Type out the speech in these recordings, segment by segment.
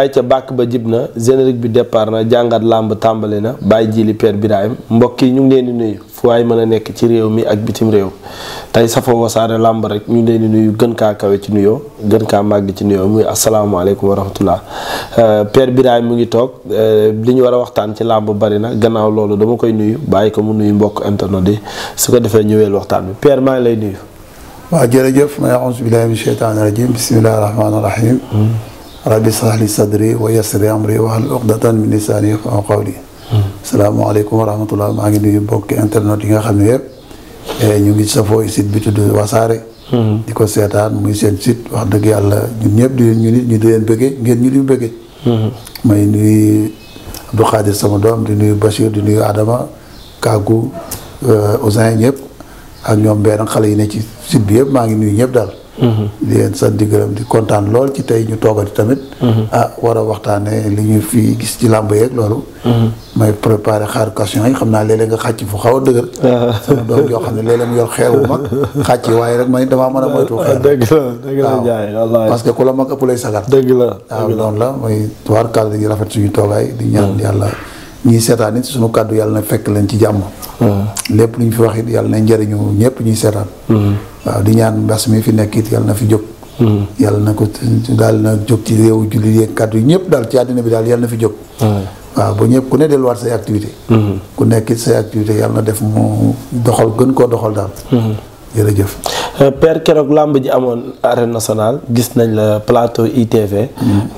ay ca bàkk ba jib na générique bi départ na jàngat làmb tàmbali na bàyyi jili Père Birahim mbokk yi ñu ngi leen di nuyu fu waay mën a nekk ci réew mi ak bitim réew tey safa wasaare làmb rek ñu ngi leen di nuyu gën kaa kawe ci nuyoo gën kaa màgg ci nuyoo muy asalaamaaleykum wa rahmatullah euh, Père Birahim mu ngi toog euh, li ñu war a waxtaan ci làmb bari na gannaaw loolu dama koy nuyu bàyyi ko mu nuyu mbokk internet yi su ko defee ñëweel waxtaan bi Père maa ngi lay nuyu. waaw jërëjëf may rabbi shrah li sadri wa yassir amri wahlul uqdatan min lisani yafqahu qawli maa ngi nuyu mbokki internet yi nga xam ne yëpp eh, ñu ngi safoo site bi tudd wasaare hmm. di ko seetaan muy seen sit wax dëgg yàlla ñun ñëpp di ñu nit ñu di leen bëggee ngeen ñu di bëggee hmm. may nuyu Abdou sama doom di nuyu Bachir di nuyu Adama Kaggu eh, Ousin ñëpp ak ñoom benn xale yi ne ci site bi yëpp maa ngi nuy ñëpp daal di leen sa di di kontaan lool ci tey ñu toogati tamit. Mm-hmm. ah war a waxtaanee li ñu fi gis ci làmb yeeg loolu. Mm-hmm. may préparé xaar question yi xam naa léeg nga xàcc fu xaw a ah. yoo xam ne léeg-léeg mu yor xeewu mag xàcc waaye rek man damaa mën a moytu. xeer ah, dëgg la dëgg la ku la mag ëpp lay sagar. dëgg la waaw noonu la mooy tuwaar kàddu yi rafet suñu toogaay di ñaan mm-hmm. yàlla. ñuy seetaan it suñu kàddu yàlla na fekk leen ci jàmm. lépp lu fi wax it yàlla na njëriñu ñëpp ñuy seetaan. waaw di ñaan mbas mi fi nekk it yal na fi jóg hmm. yàlla na ko daal na jóg ci réewu jullit yeeg kàddu yi ñëpp daal ci àddina bi daal yal na fi jóg hmm. waaw ba ñëpp ku ne delluwaat say activité hmm. ku nekk it say activité yàlla na def mu doxal gën koo doxal daal jërëjëf euh, Père keroog làmb ji amoon arène nationale gis nañ la plateau ITV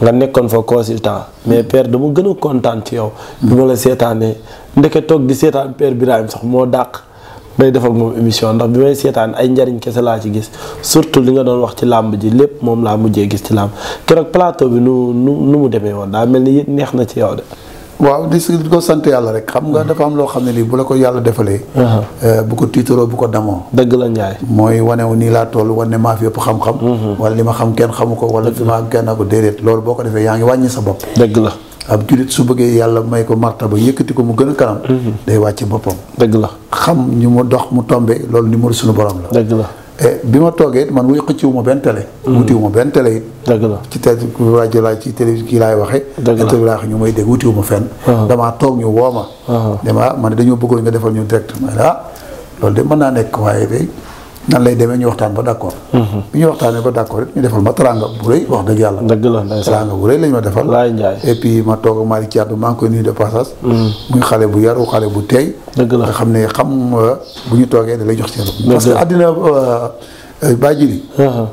nga nekkoon fa consultant mais Père dama gën a kontaan ci yow bi ma la seetaanee ndeke toog di seetaan Père Birahim sax moo dàq bay def ak moom émission ndax bi may seetaan ay njariñ kese laa ci gis surtout li nga doon wax ci làmb ji lépp moom laa mujjee gis ci làmb keroog plateau bi nu nu nu mu demee woon daa mel ni neex na ci yow de. di ko sant yàlla rek. xam nga mm-hmm. dafa am loo xam ne nii bu la ko yàlla defalee. Uh-huh. Euh, bu ko bu ko damoo. dëgg la Ndiaye. mooy wane wu nii laa toll wane maa yëpp xam-xam. Mm-hmm. li ma xam kenn xamu ko wala fi ma am kenn ko déedéet loolu boo ko defee yaa ngi wàññi sa bopp. dëgg la. ab jullit su bëggee yàlla may ko ba yëkkati ko mu gën a kanam. Mhm. day wàcc boppam. dëgg la xam ñu mu dox mu tombe loolu numéro suñu borom la. dëgg la eh, bi ma toogee man wuy xëcciwu ma benn télé. Mhm. wutiwu ma benn télé dëgg la ci télé rajo laa ci télé kii laay waxee. dëgg la interview laa wax ñu may dégg wutiwu ma fenn. damaa toog ñu woo ma. damaa ah, man dañoo bëggoon nga defal ñu direct ma ne ah loolu de mën naa nekk waaye de. nan lay demee ñu waxtaan ba d' accord. Mhm. bi ñu waxtaanee ba d' accord it ñu defal ma teraanga bu rëy wax dëgg yàlla. dëgg la ndeysaan teraanga bu rëy lañ ma defal. et puis ma toog ak Malick Thiadou maa nuyu de passage. Mhm. muy xale bu yaru xale bu teey. nga xam ne xam euh, bu ñu toogee da lay jox seen. parce que àddina euh, euh, baa ji uh-huh.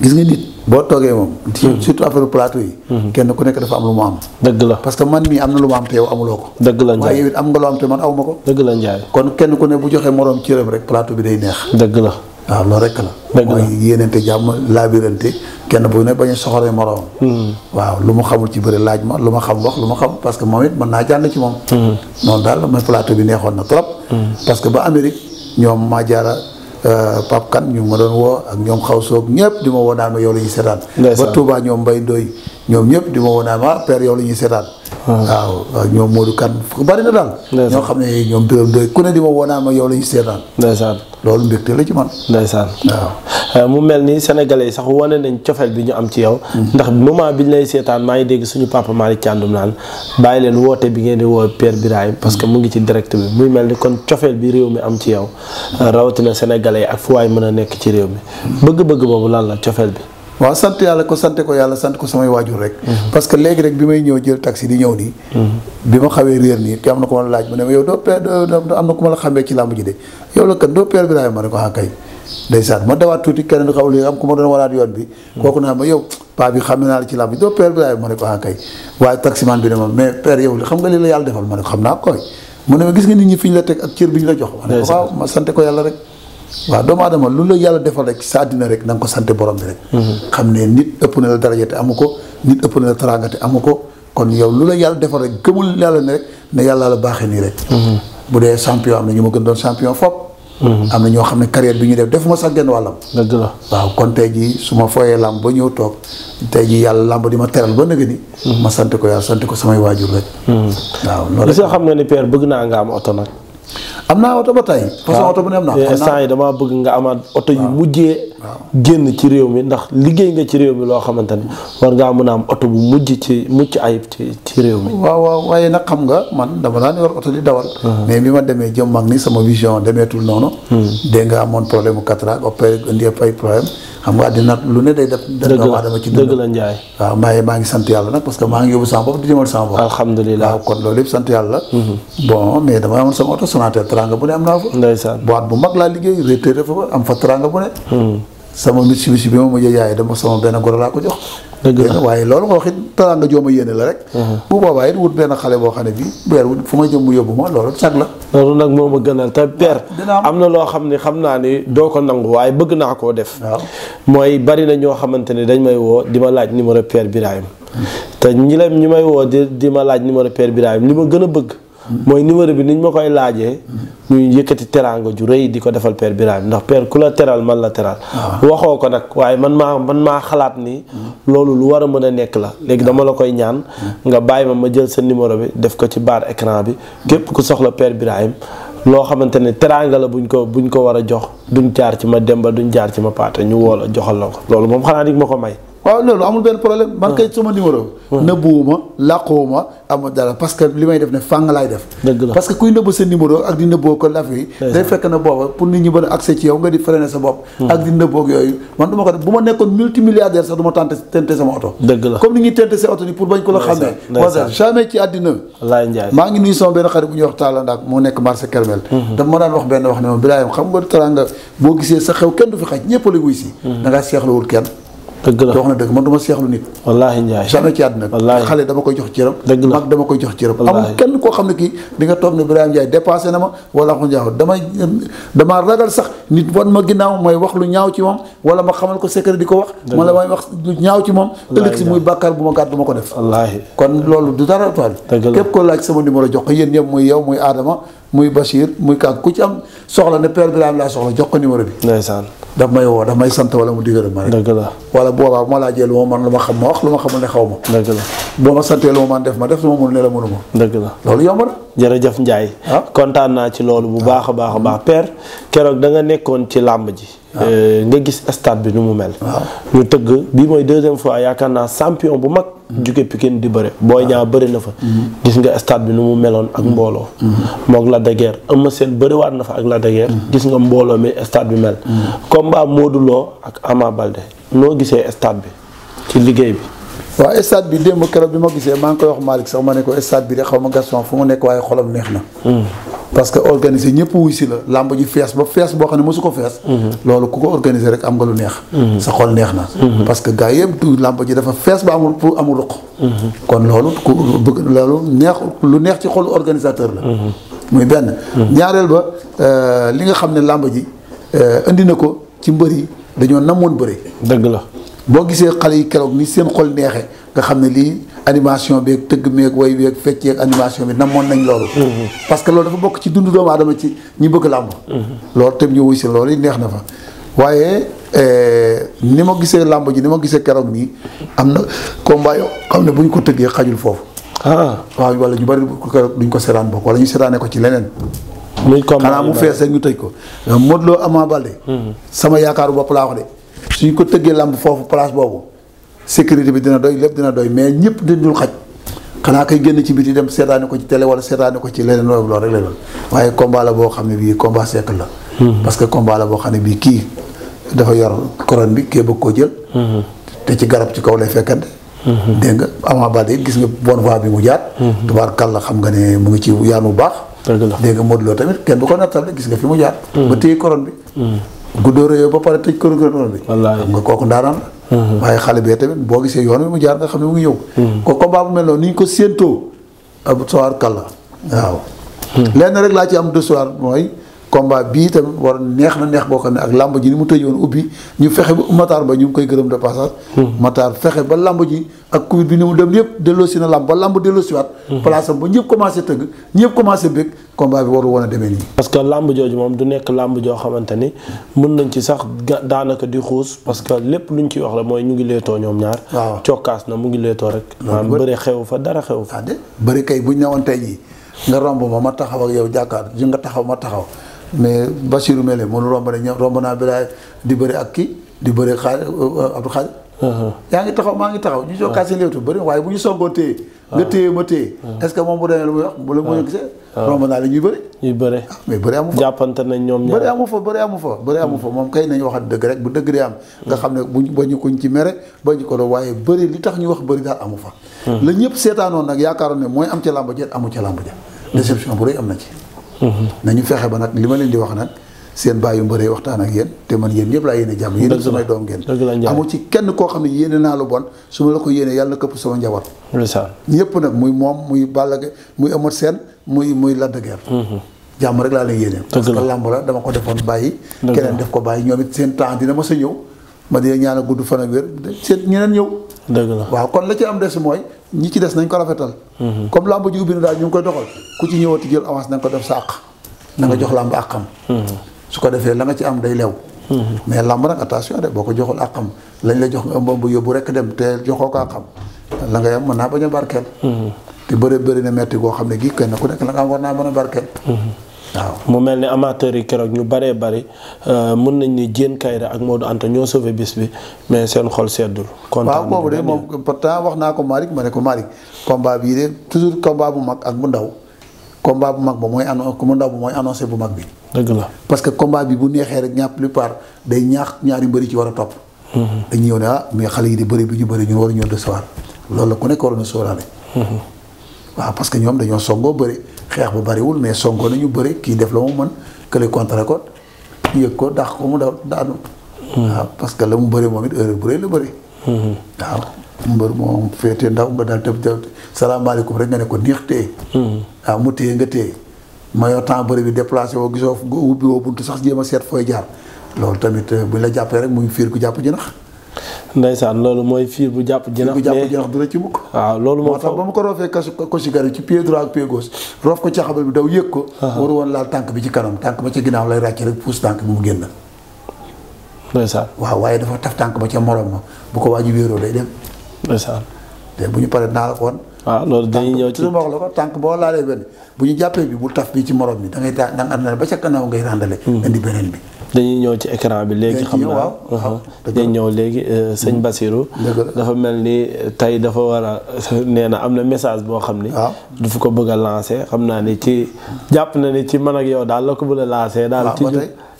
gis nga nit. boo toogee moom. Mm-hmm. surtout affaire plateau yi. Mm-hmm. kenn ku nekk dafa am lu mu am. dëgg la parce man mii am na lu mu am te yow amuloo ko. dëgg la am nga lu am te man aw ko. dëgg la Ndiaye kon kenn ku ne bu joxee moroom cëram rek plateau bi day neex. dëgg la waaw loolu rek la. dëgg la mooy yéenante jàmm laabirante kenn bu ne bañ a soxoree mm-hmm. waaw lu mu xamul ci bëri laaj ma lu ma xam wax lu ma xam parce que moom it mën naa jànd ci moom. noonu daal mooy plateau bi neexoon na trop. parce que ba Amérique Euh, Pape Kane ñu ma doon woo ak ñoom xaw soog ñëpp di ma woo naan ma yow ñu ñuy seetaan ba Touba ñoom Mbaye Ndoye ñoom ñëpp di ma woo naa ma père yow la ñuy seetaan. Ah. waaw waaw ñoom Modou Kane bari na daal. ñoo xam ne ñoom Birame Ndoye ku ne di ma woo naa ma yow la ñuy seetaan. ndeysaan loolu mbégte la ci man. ndeysaan waaw. Euh, mu mel ni sénégalais yi sax wane nañ cofeel bi ñu am ci yow. Mm. ndax moment bi ñu lay seetaan maa ngi dégg suñu papa Malick Thiandoum naan bàyyi leen woote bi ngeen di woo père Birahim parce que mu ngi ci direct bi muy mel ni kon cofeel bi réew mi am ci yow rawatina sénégalais yi ak mën a nekk ci réew mi mm. bëgg-bëgg boobu la cofeel bi. waaw sant yàlla ko sante ko yàlla sant ko samay waajur rek. Mm-hmm. parce que léegi rek bi may ñëw jël taxi di ñëw nii. Mm-hmm. bi ma xawee réer nii ki am na ku ma la xamee ci làmb ji de yow la kan doo père ah, xaw li am ma bi. Mm-hmm. kooku ma doo père Birahim ma ne ko ah kay. waaye taximaan bi ne ma mais père yow xam nga li la yàlla defal ma ne ko xam naa koy mu ne ma gis nga nit ñi fi ñu la teg ak cër bi ñu la jox. ma ne ko waaw ma sante ko yàlla rek. waaw doomu aadama lu la yàlla defal rek sa àddina rek na nga ko sant borom bi rek. Mm-hmm. xam ne nit ëpp na la daraja te amu ko nit ëpp na la teraanga te amu ko kon yow lu la yàlla defal rek gëmul yàlla ne rek ne yàlla la baaxee nii rek. Mm-hmm. bu dee champion am na ñu ma gën doon champion fop mm-hmm. am na ñoo xam ne carrière bi ñu def defuma sax genn wàllam. la waaw kon tey jii su ma fooyee làmb ba ñëw toog tey jii yàlla làmb di ma teral ba nëgë ni. ma sant ko yàlla sant am naa oto ba tey. Ah. façon oto bu ne am naa. Eh, instant yi damaa bëgg nga amaat oto yu mujjee. génn ci réew mi ndax liggéey nga ci réew mi loo xamante ni war ngaa mën a am oto bu mujj ci mucc ayib ci ci réew mi. waaw waaw waaye nag xam nga man dama daan war oto di dawal. Ah. mais bi ma demee jëm mag ni sama vision demeetul noonu. Hmm. dégg nga amoon problème mu cataracte opéré indi ay problème xam nga àddina lu ne day def. dëgg la dama la Ndiaye. waaw maa maa ngi sant yàlla nag parce que maa ngi yóbbu sama bopp di jëmal sama bopp. alhamdulilah waaw kon loolu yëpp sant yàlla. Mm-hmm. bon mais dama amoon sama oto Sonatel teranga bu ne am naa fa. ndeysaan boîte bu mag laa liggéey retraité fa am fa teranga bu ne. Mm-hmm. sama Mitsubishi bi ma mujj a jaay dama sama benn goro laa ko jox. dëgg la waaye loolu nga wax it teraanga jooma yéene la rek. Uh-huh. bu boobaa it wut benn xale boo xam ne bii weer wut fu ma jëm mu yóbbu ma loolu sag la. loolu nag moo ma gënal te père. Ah, am na loo xam ne xam naa ni doo ko nangu waaye bëgg naa koo def. mooy bari na ñoo xamante ne dañ may woo di ma laaj numéro père Birahim. te ñi la ñi may woo di di ma laaj numéro père Birahim li ma gën a bëgg. mooy numéro bi niñ ma koy laajee ñuy yëkkati teraanga ju réy di ko defal père Birahim ndax per ku la teral man la teral ah. waxoo ko nag waaye man maa man maa xalaat ni loolu lu war a mën a nekk la léegi dama la koy ñaan nga bàyyi ma ma jël sa numéro bi def ko ci baar écran bi képp ku soxla père Birahim loo xamante ne teraanga la buñ ko buñ ko war a jox duñ jaar ci ma Demba duñ jaar ci ma Paate ñu woo la joxal la ko loolu moom xanaa dig ma ko may waaw loolu amul benn problème. man kay ah. sama numéro. Ah. nëbbuwuma làquwuma amul dara parce li may def ne fàng laay def. dëgg kuy nëbb sa numéro ak di nëbboo ko laf yi. day fekk na booba pour a accès ci yow di freiner sa bopp. Hmm. ak man du ko def bu ma la comme ni ñuy tenté sa oto ni la xàmmee. wala jamais ci àddina. laay njaay maa ngi nuyu sama benn xarit bu ñuy wax nekk marché Kermel. Hmm. daf ma daan wax benn wax ne ma Birahim xam nga teraanga boo gisee sa xew kenn du fi xaj ñëpp wuy si hmm. da seexlawul kenn dëgg la wax na dëgg man du ma seexlu nit wallaahi njaay jamais ci àdduna xale dama koy jox cëram la mag dama koy jox cëram amul kenn koo xam ne kii di toog ne Birahim Ndiaye dépassé na ma wala axu njaaw damay damaa ragal sax nit wan ma ginnaaw mooy wax lu ñaaw ci moom wala ma xamal ko secret di ko wax ma la may wax lu ñaaw ci moom ëllëg si muy bàkkaar bu ma gàtt du ma ko def wallaahi kon loolu du dara tool képp ko laaj sama numéro jox ko yéen ñëpp muy Bachir muy Ka ku ci am soxla ne père Birame laa soxla jox ko numéro bi. ndeysaan daf may woo daf may sant wala mu digëral ma rek. dëgg la wala boobaa bu ma laajee lu ma mën lu ma xam ma wax lu ma xamul ne xaw ma. dëgg la boo ma santee lu ma mën def ma def lu ma mën ne la mënu ma. dëgg la loolu yomb na. jërëjëf Ndiaye. ah kontaan naa ci loolu bu baax a baax a baax. Hmm. per keroog danga nekkoon ci làmb ji. Ah. Euh, nga gis stade bi nu mu mel. Ah. ñu tëgg bi mooy deuxième fois yaakaar naa sampion bu mag. jóge Pikine di bëre booy ñaa ah. bëri na fa. Mm-hmm. gis nga stade bi nu mu meloon ak mm-hmm. mbooloo. Mm-hmm. moog la daguerre Eumeu Sène bëriwaat na fa ak la daguerre. gis nga mbooloo mi stade bi mel. combat Modou Lo ak Ama Balde noo gisee stade bi ci liggéey bi. waaw stade bi démb keroog bi ma gisee maa ngi koy wax Malick sax ma ne ko stade bi de xaw ma Gaston fu mu nekk waaye xolam neex na. Mm. parce que organiser ñëpp wuy si la làmb ji fees ba fees boo xam ne mosu ko fees mhm. loolu ku ko organiser rek am nga lu neex mhm. sa xol neex na mhm. parce que gars du làmb ji dafa fees ba amul pour amul ruq kon loolu ku bëgg loolu neex lu neex ci xolu organisateur la muy benn ñaareel ba euh, li nga xam ne làmb ji euh, indi na ko ci mbër yi dañoo namoon bëri dëgg la boo gisee xale yi keroog ni seen xol neexee nga xam ne lii animation beeg tëgg meeg way beeg fecceeg animation bi namoon nañ loolu. Mhm. parce que loolu dafa bokk ci dundu doomu aadama ci ñi bëgg làmb. Mhm. loolu tam ñu si loolu yi neex na fa waaye eh, ni ma gisee làmb ji ni ma gisee keroog nii am na combat xam ne bu ñu ko tëggee xajul foofu. ah waaw wala ñu bari keroog duñ ko seetaan bokk wala ñu seetaane ko ci leneen. muy combat xanaa mu fees ñu tëj ko. Modou Lo Ama Baldé. Mhm. sama yaakaaru bopp laa wax de suñ ko tëggee làmb foofu place boobu. sécurité bi dina doy lépp dina doy mais ñëpp dañ dul xaj xanaa koy génn ci biti dem seetaani ko ci télé wala seetaani ko ci leneen loolu rek la doon waaye combat la boo xam ne bii hmm. que combat boo xam ne bii kii dafa yor couronne bi kii bëgg koo jël. Hmm. te ci garab ci kaw lay fekkante. Hmm. dégg nga Ama Baldé it gis nga bonne voie bi mu jaar. tubaar kàlla xam nga ne mu ngi ci yaan bu baax. dégg nga Modou Lo tamit kenn bu ko nattal gis nga fi mu jaar. ba téye couronne bi. guddoo réew ba pare tëj couronne bi. xam nga kooku ndaanaan Uh-huh. waaye xale bee tamit boo gisee yoon wi mu jaar nga xam ne mu ngi ñëw. Hmm. ko combat bu mel noonu ñu ko séentoo ab soir kàlla waaw. Hmm. lenn rek laa ci am de soir mooy combat bii tamit war neex na neex boo xam ne ak làmb ji ni mu tëj woon ubbi ñu fexe ba Matar ba ñu ngi koy gërëm de passage. Hmm. Matar fexe ba làmb ji ak Covid bi ni mu dem yëpp delloosi na làmb ba làmb delloosi waat. Hmm. place am ba ñëpp commencé tëgg ñëpp commencé bëgg combat bi warul woon a demee nii. parce que làmb jooju moom du nekk làmb joo xamante ni mën nañ ci sax daanaka di xuus parce que lépp ñu ci wax la mooy ñu ngi leetoo ñoom ñaar. waaw cokkaas na mu ngi leetoo rek. maanaam bëri xew fa dara xew fa. Ah, bëri kay buñ newoon tey jii nga romb ma ma taxaw ak yow jàkkaar ji nga taxaw ma taxaw mais Bachirou Mele mënu romb ne ñoom romb naa Bilaay di bëri ak kii di bëri xaar euh, Abdou Xaar. Uh-huh. yaa ngi taxaw maa ngi taxaw ñu soo kaas léewtu bëri waaye bu ñu songoo téye nga uh-huh. téye ma téye uh-huh. est-ce moom bu demee lu muy wax bu la mu gisee romb naa la ñuy bëri ñuy bëri ah, mais bëri amu jàppante nañ ñoom ñaar bëri fa bëri amu fa bëri amu fa mm. moom kay nañu waxat dëgg rek bu dëgg dee am nga mm. xam ne buñ ba ñu kuñ ci mere ba ñu ko waaye bëri li tax ñu wax bëri daal amu fa mm. la ñëpp seetaanoon nag yaakaaroon ne mooy am ca làmb ja amu ca làmb ja déception bu am na ci nañu fexe ba nag li ma leen di wax nag seen bàyyi mbëree waxtaan ak yéen te man yéen ñëpp laa yéene jàmm yéen samay doom ngeen amu ci kenn koo xam ne yéene naa lu bon su ma la ko yéene yàlla na këpp sama njaboot ñëpp nag muy moom muy Balla Gaye muy Eumeu seen muy muy Lac de mhm. jàmm rek laa leen yéene parce que làmb la dama ko defoon bàyyi keneen def ko bàyyi ñoom it seen temps dina ma sa ñëw ma dina ñaan a gudd fan ak wér seen ñeneen ñëw dëgg la waaw kon la ci am des mooy ñi ci des nañ ko rafetal. Mhm. comme làmb ji ubbi na daal ñu ngi koy doxal ku ci ñëwati jël avance na ko def sa àq. Mhm. na jox làmb àqam. Mhm. su ko defee la nga ci am day lew. mais làmb nag attention de boo ko joxul àqam lañ la jox nga ëmb bu yóbbu rek dem te joxoo ko àqam la nga yam mën naa bañ a barkeel. te bëri bëri na metti goo xam ne gii kenn ku nekk la nga am war naa mën a barkeel. waaw mu mel ni amateurs yi keroog ñu baree bari euh, mën nañ ni Diène Kaïré ak Modou Anta ñoo sauvé bis bi mais seen xol seddul. kontaan waaw boobu de moom pourtant wax naa ko Malick ma ne ko Malick combat bii de toujours combat bu mag ak bu ndaw combat bu mag ba mooy annoncé bu ndaw mooy annoncé bu mag bi. dëgg la parce que combat bi bu neexee rek ñaar plupart day ñaax ñaari mbëri ci war a topp. Mm-hmm. dañuy ñëw ne ah mais xale yi di bëri bi ñu bëri ñun waruñoo décevoir loolu la ku nekk waroon a xeex bu bariwul mais sonko nañu bëri kii def la mu mën kële contre ko yëg ko dax ko mu daw daanu. Hmm. waaw parce la mu bëri moom it heure bu rëy la bëri. Hmm. waaw mbër moom féete ndaw nga daal tëb tëb salaamaaleykum rek nga ne ko neex téye. Hmm. waaw mu téye nga téye mayoo temps bëri bi déplacé woo gisoo wubbi woo buntu sax jéem a seet fooy jaar loolu tamit eh, buñ la jàppee rek mu fiir ku jàpp jinax ndeysaan loolu mooy fiir bu jàpp jinax bu jàpp jinax du rëcc mukk waaw loolu moo tax ba mu ko roofee kas ko ci gari ci pied ak pied roof ko ci xabal bi daw yëg ko waru woon laal tànk bi ci kanam tànk ba ci ginnaaw lay rek puus tànk bi mu génn ndeysaan waaw waaye dafa taf tànk ba ca morom ma bu ko waaji wéeroo day dem ndeysaan te bu ñu paree naa la ko woon waaw loolu dañuy ñëw ci wax la ko tànk boo laalee benn bu ñu jàppee bi bu taf bi ci morom bi da ngay da nga àndale ba ca kanaaw ngay ràndale hmm. indi beneen bi dañuy ñëw ci écran bi léegi xam naa dañ ñëw léegi euh, sëñ Basirou dafa mel ni tey dafa war a nee na am na message boo xam ni dafa ko bëgg a lancé xam naa ni ci jàpp na ni ci man ak yow daal la ko bëgg a lancé daal ci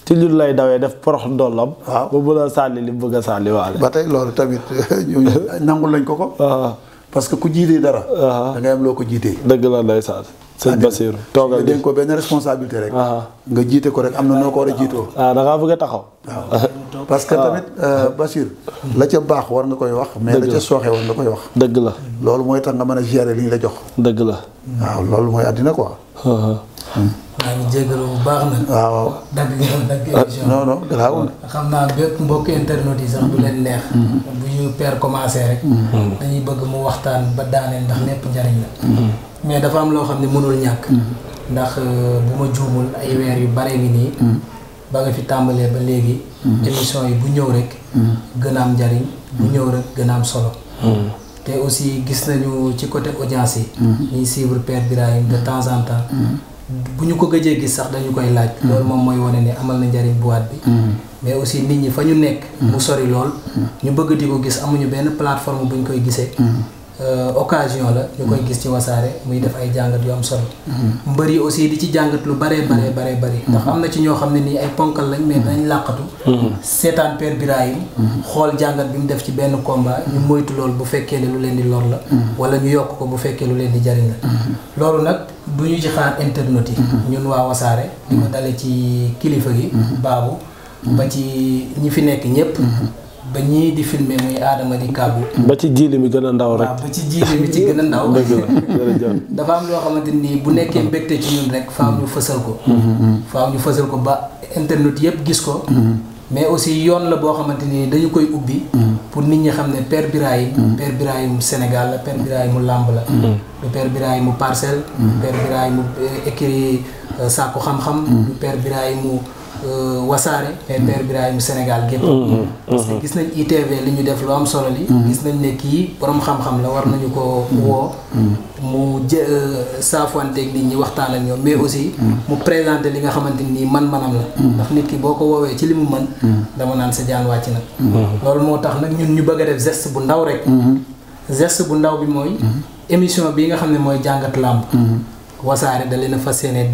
ci ñun lay dawee def porox dollam. waaw ba bëgg sànni li bëgg a sànni waale. ba tey loolu tamit ñu nangul lañ ko ko. parce que ku jiitee dara. da am loo ko jiitee. dëgg la ndeysaan. sëñ Basiirou toogal nga dénk ko benn responsabilité rek. nga jiite ko rek am na noo ko war a jiitoo. ah, ah bëgg a taxaw. waaw ah. parce que ah. tamit euh, Basiir. la ca baax war nga koy wax. mais la ca sooxe war nga koy wax. dëgg la loolu mooy tax nga mën a gérer li ñu la jox. dëgg la. waaw loolu mooy àddina ko hmm. maa ngi jégalu bu baax nag. waaw waaw dagg gi dagg xam naa bépp mbokk internet yi sax bu leen neex. Hmm. bu ñu père commencé rek. Hmm. dañuy bëgg mu waxtaan ba daaneel ndax lépp njariñ la. mais dafa am loo xam ne mënul ñàkk. Mm. ndax euh, bu ma juumul ay weer yu baree ngi nii. Mm. ba nga fi tàmbalee ba léegi. Mm. émission yi bu ñëw rek. gën a am njariñ. bu ñëw rek gën a am solo. te aussi gis nañu ci côté audience yi. ñuy suivre Père Birahim de temps en bu ñu ko gëjee gis sax dañu koy laaj. loolu moom mooy wane ne amal na njariñ boîte bi. mais aussi nit ñi fa ñu nekk. bu sori lool. ñu bëgg di ko gis amuñu benn plateforme bu ñu koy gisee. Euh, occasion la ñu koy gis ci wasaare muy def ay jàngat yu am solo mm-hmm. mbër yi aussi di ci jàngat lu bare bare mm-hmm. bare bëri mm-hmm. ndax am na ci ñoo xam ne nii ay ponkal lañ mais dañ làqatu seetaan Père Birahim xool jàngat bi mu def ci benn combat ñu moytu lool bu fekkee ne lu leen di lor la wala ñu yokk ko bu fekkee lu leen di jariñ la loolu nag du ñu ci xaar internet yi ñun waa wasaare di ko dale ci kilifa gi baabu ba ci ñi fi nekk ñëpp ba ñii di filmer muy aadama di kàbbu. ba ci jiili mi gën a ndaw rek. waaw ba ci jiili mi ci gën a ndaw. dafa am loo xamante nii bu nekkee mbégte ci ñun rek faaw ñu fësal ko. Mm-hmm, mm-hmm. faaw ñu fësal ko ba internet yëpp gis ko. Mm-hmm. mais aussi yoon la boo xamante ni dañu koy ubbi. pour nit ñi xam ne per Père Birahim. Père Birahim Sénégal la Père Birahim mu làmb la. du Père Birahim mu parcelle. du Père mu eh, écrit euh, sàkku xam-xam. du Père mu. Euh, wasaare les pères Birahim Sénégal gépp mm-hmm. Mm-hmm. parce que gis nañ ITV li ñu def lu am solo li mm-hmm. gis nañ ne kii borom xam-xam la war nañu ko woo mu jë euh, saafuwanteeg nit ñi waxtaan ak ñoom mais aussi mu présenté li nga xamante nii man-manam la ndax nit ki boo ko woowee ci li mu mën dama naan sa jaan wàcc nag loolu moo tax nag ñun ñu bëgg a def geste bu ndaw rek geste bu ndaw bi mooy émission bi nga xam ne mooy jàngat làmb wasaare da leen fa fas yéene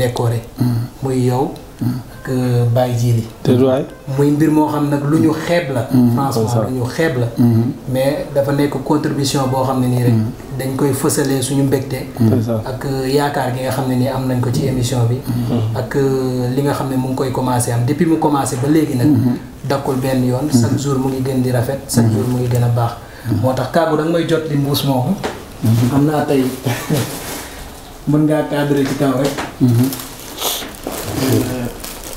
yow ak euh, Baye Djili. muy mbir moo xam nag lu ñu mm. xeeb la. Mm, franchement lu ñu xeeb la. Mm-hmm. mais dafa nekk contribution boo xam ne nii rek. Mm. dañ koy fësalee suñu mbégte. ak euh, yaakaar gi nga xam ne nii am nañ ko ci émission bi. Mm-hmm. ak euh, li nga xam ne mu ngi koy commencé am depuis mu commencé ba léegi nag. Mm-hmm. dakkul benn yoon. chaque jour mu ngi gën di rafet. chaque jour mu ngi gën a baax. moo tax kàggu da may jot li mbuus moomu. am naa tey mën ngaa cadré rek.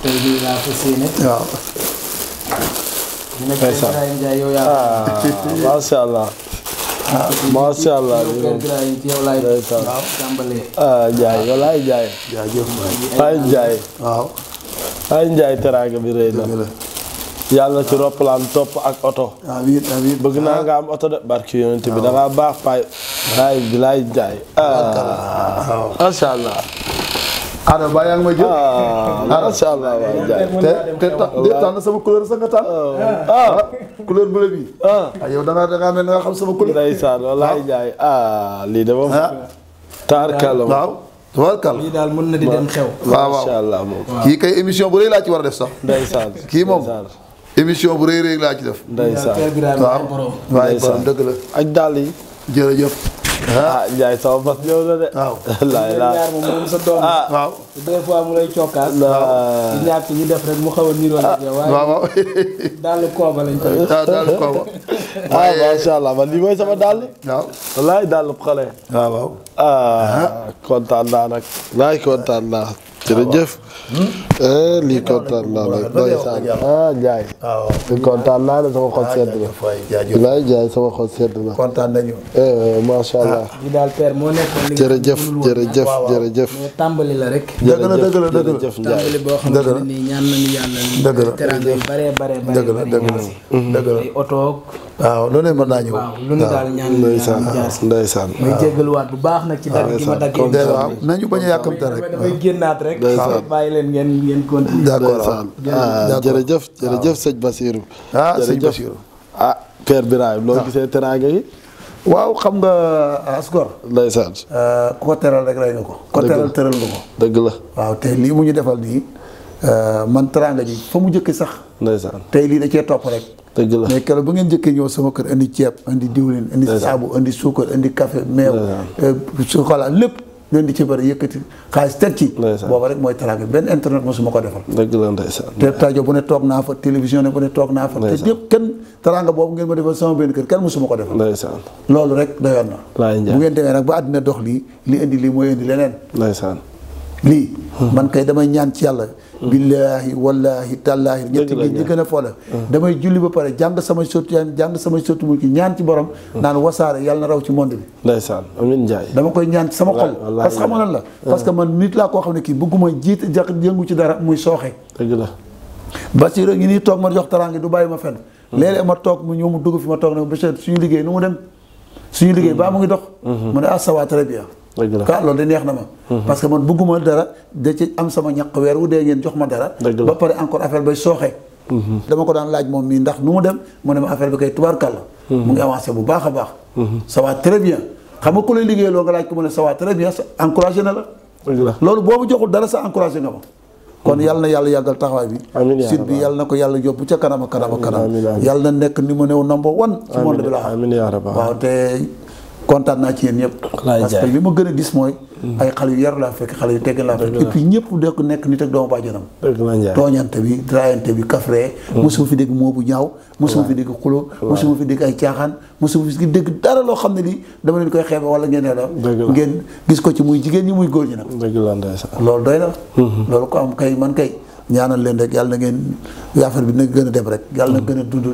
tey jii laa fas yéene. allah. macha allah. ah Ndiaye walaay Ndiaye. jaajëf waay Ndiaye. waaw. bi rëy na. yàlla ci roppalaan topp ak oto. amiin amiin naa nga oto de barki yonent bi ah. da baax paay. waay bilaay Ndiaye. Ah. macha allah. Adama Ba yaa ngi may jël. Ah, macha allah waaw jaajëf te te te sama couleur sax nga tànn. ah, ah couleur bleu bi. ah, ah yow da ngaa da ngaa nga xam sama couleur. ndeysaan walaay jaay ah lii de moom. taarkal la waaw taarkal. daal mën na di dem xew. macha allah moom kii kay émission bu rëy laa ci war a def sax. ndeysaan kii moom. émission bu rëy rëy laa ci def. ndeysaan waaw waaye borom dëgg la. ak dàll yi. jërëjëf. ah Ndiaye sama bas ñëw na de. waaw laay sa doom. ah waaw deux mu lay cokkaat. waaw ñaar ci ñu def rek mu xaw a niiroo la. waaw waaw daal kooba lañ koy. daal daal kooba. ah macha allah man lii ah kontaan naa nag. wallaay kontaan naa. jërëjëf. Hmm? Eh, lii kontaan naa la ndeysaan ah Ndiaye. lii kontaan naa la sama xol sedd na. waaw Ndiaye sama xol sedd na. kontaan nañu. Eh, eh, macha allah. ñu ah, daal père moo nekkoon li jërëjëf jërëjëf jërëjëf. tàmbali la rek. dëgg jërëjëf Ndiaye tàmbali boo xamante dëgg la dëgg la dëgg la dëgg la dëgg la waaw loolee mën naa ñëw. waaw lu ñu daal ñaan ndeysaan ndeysaan may jégaluwaat bu baax nag ci dagg gi ma dagg waaw nañu bañ a rek damay génnaat rek bàyyi leen ngeen ngeen continuer d'accord ah, jërëjëf jërëjëf sëñ Basirou ah sëñ Basirou ah Père Birahim loo ah. gisee teraanga yi waaw xam nga ah, asgor ndeysaan ku ko teral rek rey nga ko ko teral teral nga ko dëgg la waaw te lii mu ñu defal nii Euh, man teraanga ji fa mu njëkk sax. ndeysaan tey lii da cee topp rek. dëgg la mais keroog ba ngeen jëkkee ñëw sama kër indi ceeb indi diwlin. indi saabu indi suukar indi café meew. chocolat euh, lépp. leen di ci bari yëkkati xaalis teg ci. booba rek mooy teraanga benn internet mosuma ko defal. dëgg la ndeysaan. te rajo bu ne toog naa fa télévision ne bu ne toog naa fa. te yëpp kenn teraanga boobu ngeen ma defal sama benn kër kenn mosuma ko defal. ndeysaan loolu rek doyoon na. bu ngeen demee nag ba àddina dox lii li indi lii mooy indi leneen. ndeysaan lii. Hmm. man kay damay ñaan ci yàlla billaahi wallaahi tallaahi ñetti gi ñi gën a fola ah. damay julli ba pare jàng sama sotti jàng samay sotti mu ci ñaan ci borom ah. naan wasaare yàlla na raw ci monde bi ndeysaan amiin dama koy ñaan ci sama xol parce que lan la parce ah. man nit laa koo xam ne kii bëgguma jiit jax yëngu ci dara muy sooxe dëgg la Basiir ngi nii toog ma jox taraange du bàyyi ma fenn léeg ma toog mu ñëw mu dugg fi ma toog ne monsieur suñu liggéey nu mu dem suñu liggéey baa mu ngi dox mu ne ah ça kaa loolu de neex na ma mhm. parce que man bëgguma dara da ci am sama ñaq weer wu dee ngeen jox ma dara ba pare encore affaire bay sooxee mhm. dama ko daan laaj moom mii ndax nu mu dem mu ne mhm. mu ngi a sa encouragé na la loolu boobu joxul dara sa encouragé nga ma kon yàlla na yàlla yàggal taxawaay bi site bi yàlla na ko yàlla yóbbu ca kanam a kanam a yàlla na nekk ni mu new number one ci monde bi la xam waaw te kontaan naa ci yéen ñëpp. parce que li ma gën a gis mooy. Mm. ay xale yu yaru laa fekk xale yu tegg laa fekk. et puis ñëpp de nekk nit ak doomu baajanam. tooñante bi draayante bi kafre. Mm. mosuma fi dégg moo bu ñaaw. mosuma fi dégg xulo. mosuma fi dégg ay caaxaan. mosuma fi dégg dara loo xam ne nii dama leen koy xeebe wala ngeen ne ngeen gis ko ci muy jigéen ñi muy góor ñi nag. loolu doy na. Mm-hmm. loolu ko am kay man kay ñaanal leen rek yàlla na ngeen affaire bi na gën a dem rek yàlla na mm-hmm. gën a dund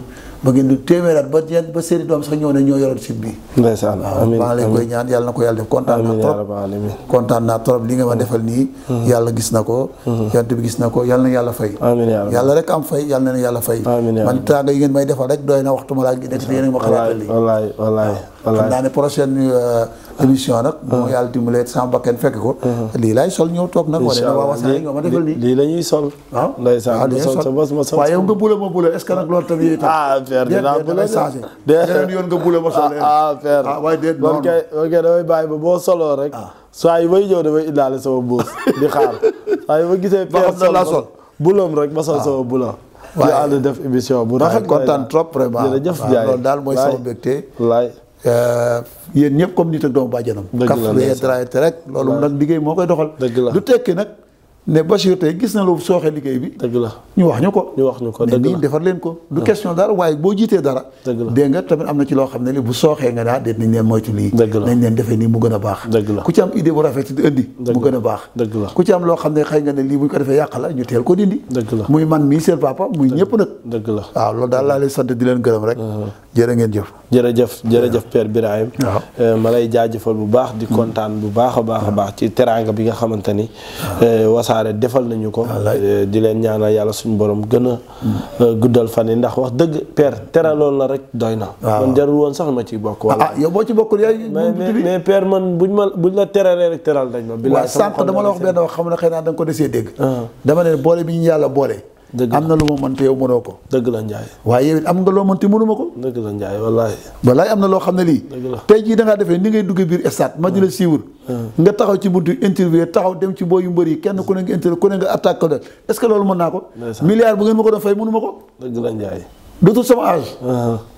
ba ngeen di téeméeraat ba yéen doom sax ñëw ne ñoo yoroon site bi. na ko mm-hmm. a la ñuy sol. waaw ah. ndeysaan ma ah, sol sa bos ma sol. waaw yow nga bula ma bula est-ce que nag loolu tamit. affaire dinaa bële changé yeneen yoon nga bule ma solo ah, ah, affaire ah, waaye déet noonu kay kay damay bàyyi ba boo soloo rek saa yi may yi ma gisee peer la sol bulam rek ma sol sama bula waaye ànd def émission bu rafet kontaan trop vraiment jërëjëf Ndiaye loolu daal mooy sama mbégte laay euh, yéen ñëpp comme nit ak doomu bàjjanam kaf yeddrate rek loolu nag liggéey moo koy doxal du tekki nag ne ba tey gis na loolu sooxe liggéey bi. dëgg la ñu wax ñu ko. ñu wax ko dëgg la nii defar leen ko. du ah. question dara waaye boo jiitee dara. dëgg la dégg nga tamit am na ci loo xam ne li bu sooxee nga daa déet nañ leen moytu lii. nañ leen defee nii mu gën a baax. dëgg la ku ci am idée bu rafet di indi. mu gën a baax. dëgg la ku ci am loo xam ne xëy nga ne lii bu ñu ko defee yàq la ñu teel ko dindi. dëgg la muy man mii seen papa muy ñëpp nag. dëgg la waaw loolu daal laa lay sant di leen gërëm rek. a ah. ngeen jëf jërëjëf jërëjëf eh, bu baax di kontaan bu baax a baax a baax ci teraanga bi nga xamante ni eh, wasaare defal nañu ko eh, di leen ñaanal yàlla suñu boroom gën a mm. eh, guddal fan yi ndax wax dëgg père teraloon la rek doy na man jarul woon sax ma ciy bokk wala ah, ah, yow boo ci bokkul yaay mais père man buñ ma buñ la teralee rek teral dañ ma bi sànq dama la wax benn wax xam na xëy naa da ko desee dégg ah. dama ne boole bi ñu yàlla boole am na lu ma mënte yow mënoo ko dëgg la Njaay waaye am nga loo mënte mënuma ko dëgg la Njaay wallaay wallaay am na loo xam ne lii tey jii da defee ni ngay duggee biir stade ma mm. siiwur mm. nga taxaw ci buntu interview taxaw dem ci booyu mbër yi kenn ku ne nga interview ku ne nga attaque ko de loolu mën naa ko milliard bu ngeen ma ko doon fay mënuma ko dëgg la Njaay dootul sama âge mm-hmm.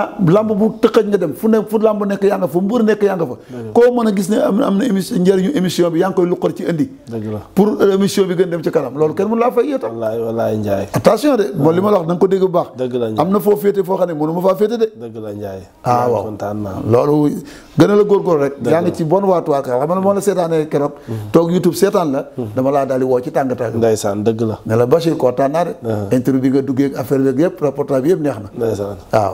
ah lamb bu tëqëj nga dem fu ne fu lamb nekk yaa nga fa mbër nekk yaa nga a euh, loolu kenn mënu laa la wax na nga ko dégg bu baax la ah, a la rek yaa ci bon waatuwaar ka xam na la seetaanee keroog mm-hmm. toog YouTube seetaan la mm-hmm. dama laa daal di woo ci tàngataay ndeysaan dëgg la ne la de uh-huh. interview bi nga duggee affaire bi yëpp neex na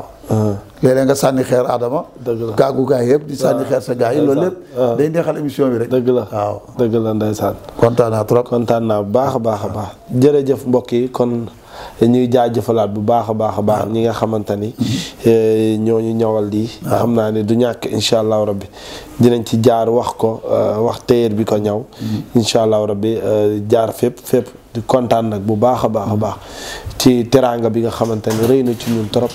léeg-léeg nga sànni xeer Adama. dëgg la gaay yëpp di sànni xeer sa gaay yi loolu lépp. day émission bi rek. dëgg la waaw dëgg la ndeysaan. kontaan naa trop kontaan naa bu baax a baax a baax. jërëjëf mbokk yi kon. ñuy jëfalaat bu baax a baax a baax ñi nga xamante ni eh, ñooñu ñawal lii nga xam naa ne du ñàkk incha allahu rabbi dinañ ci jaar wax ko eh, wax téyeer bi ko ñaw mm-hmm. incha allahu rabbi eh, jaar fépp fépp di kontaan nag bu baax a baax a baax ci teraanga bi nga xamante ni rëy na ci ñun trop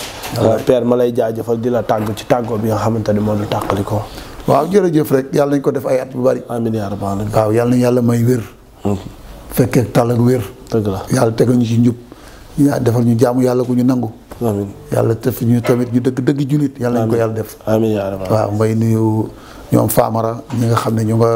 père ma lay jaajëfal di la tàgg ci tàggoo bi nga xamante ni moom la tàqali ko waaw jërëjëf rek yàlla nañ ko def ay at bu bari amiin yaa rabbal waaw yàlla nañ yàlla may wér mm-hmm. fekkee tal ak wér dëgg la yaa defal ñu jaamu yàlla ku ñu nangu. amiin yàlla def ñu tamit ñu dëgg dëgg jullit yàlla nañ ko yàlla def. amiin yaa rabbi waaw nuyu ñoom Famara ñi nga xam ne ñu nga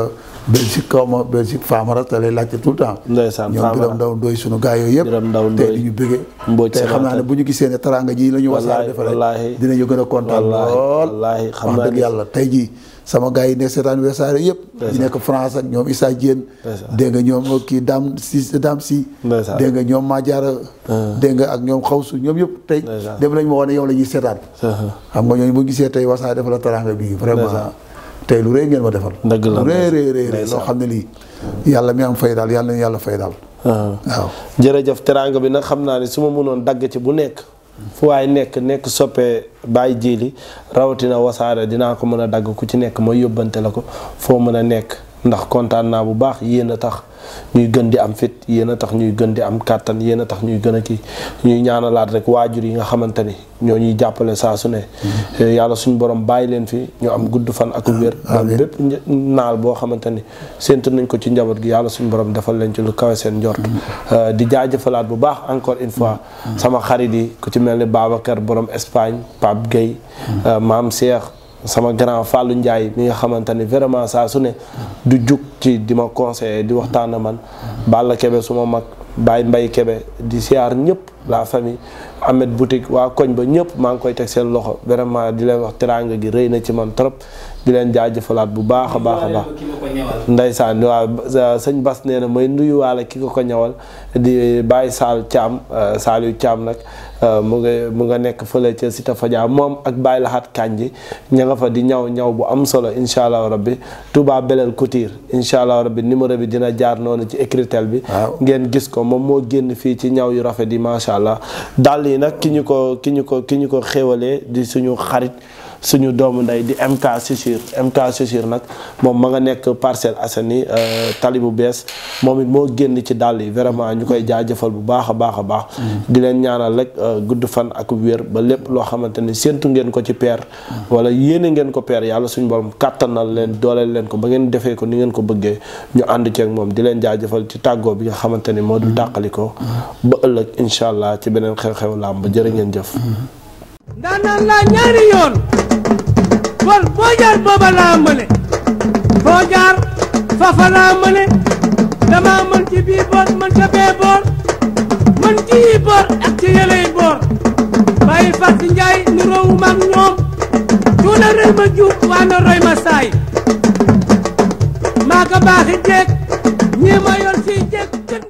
Belgique kaw ma Belgique Famara te lay laajte tout le temps. ndeysaan Famara ñoom Biram Ndaw Ndoy sunu gars yooyu yëpp. Biram tey di ñu bëggee. tey xam naa ne bu ñu gisee ne taranga ji la ñu wasaare defaree. wallaahi wallaahi dinañu gën kontaan lool. wallaahi xam naa yàlla tey jii sama gars yi nekk seetaan Wassare yëpp yi nekk France ak ñoom Issa Diène dégg nga ñoom kii Dame Si Dame Si dégg nga ñoom Madiara ah. dégg nga ak ñoom xawsu ñoom yëpp tey dem nañ ma wax ne yow la ñuy seetaan ah. xam nga ñooñu bu gisee tey Wassare defal la teraanga bii vraiment tey lu rëy ngeen ma defal lu rëy loo xam ne lii yàlla mi am fay daal yàlla na yàlla fay daal ah. waaw jërëjëf teraanga bi nag xam naa ne su ma mënoon dagg ci bu nekk fu waay nekk nekk soppe baay jiili rawatina wasaare dinaa ko mën a dagg ku ci nekk mooy yóbbante la ko foo mën a nekk ndax kontaan naa bu baax yéen a tax ñuy gën di am fit yéen a tax ñuy gën di am kàttan yéen a tax ñuy gën a kii ñuy ñaanalaat rek waajur yi nga xamante ni ñoo ñuy jàppale saa su ne. Mm-hmm. Eh, yàlla suñu borom bàyyi leen fi ñu am gudd fan ak ah, wér. amiin bépp naal boo xamante ni séntu nañ ko ci njaboot gi yàlla suñu borom defal leen ci lu kawe seen njort. Mm-hmm. Eh, di jaajëfalaat bu baax encore une fois. Mm-hmm. sama xarit yi ku ci mel ni Babacar borom Espagne Pape Gueye. Eh, maam Cheikh. sama grand Fallou Ndiaye mi nga xamante ne vraiment saa su ne du jug ci di ma conseiller di waxtaan man Balla Kebe suma mag baay mbay Kebe di siyaar ñëpp la famille Ahmed Boutique waa koñ ba ñëpp maa ngi koy teg seen loxo vraiment di leen wax teraanga gi rëy na ci man trop di leen jaajëfalaat bu baax a baax a baax ndeysaan waaw euh, sëñ Bas nee mooy may nuyuwaale ki ko ko ñawal di bàyyi Baye Sall Thiam euh, Saliou Thiam nag Euh, mu nga mu nga nekk fële ca Cité Fadia moom ak Baye Lahat Kandji ña nga fa di ñaw ñaw bu am solo incha allah rabbi tubaab Belel Couture incha allah rabbi numéro bi dina jaar noonu ci écritel bi. ngeen gis ko moom moo génn fii ci ñaw yu rafet yi macha allah dàll yi nag ki ñu ko ki ñu ko ki ñu ko xéwalee di suñu xarit. suñu doomu ndey di MK Chaussure MK Chaussure nag moom ma nga nekk parcelle Parcelles Assainies euh, tali bu bees moom it moo génn ci dàll yi vraiment ñu koy jaajëfal bu baax a baax a baax. Mm-hmm. di leen ñaanal rek euh, gudd fan ak wér ba lépp loo xamante ni séntu ngeen ko ci peer. Mm-hmm. wala yéene ngeen ko peer yàlla suñu borom kàttanal leen dooleel leen ko ba ngeen defee ko ni ngeen ko bëggee ñu ànd ceeg moom di leen jaajëfal ci tàggoo bi nga xamante ni moo mm-hmm. dul tàqali ko. ba ëllëg incha allah ci beneen xew-xew làmb jërë ngeen jëf. ndaanaan laa ñaari yoon kon boo booba laa mëne foo jaar fafa laa mën ci mën ca mën ci yi boor ak ci yeley nu roowu maag ñoom cuuna rëy ma waa na roy ma maa ko baaxi ñii ma yor si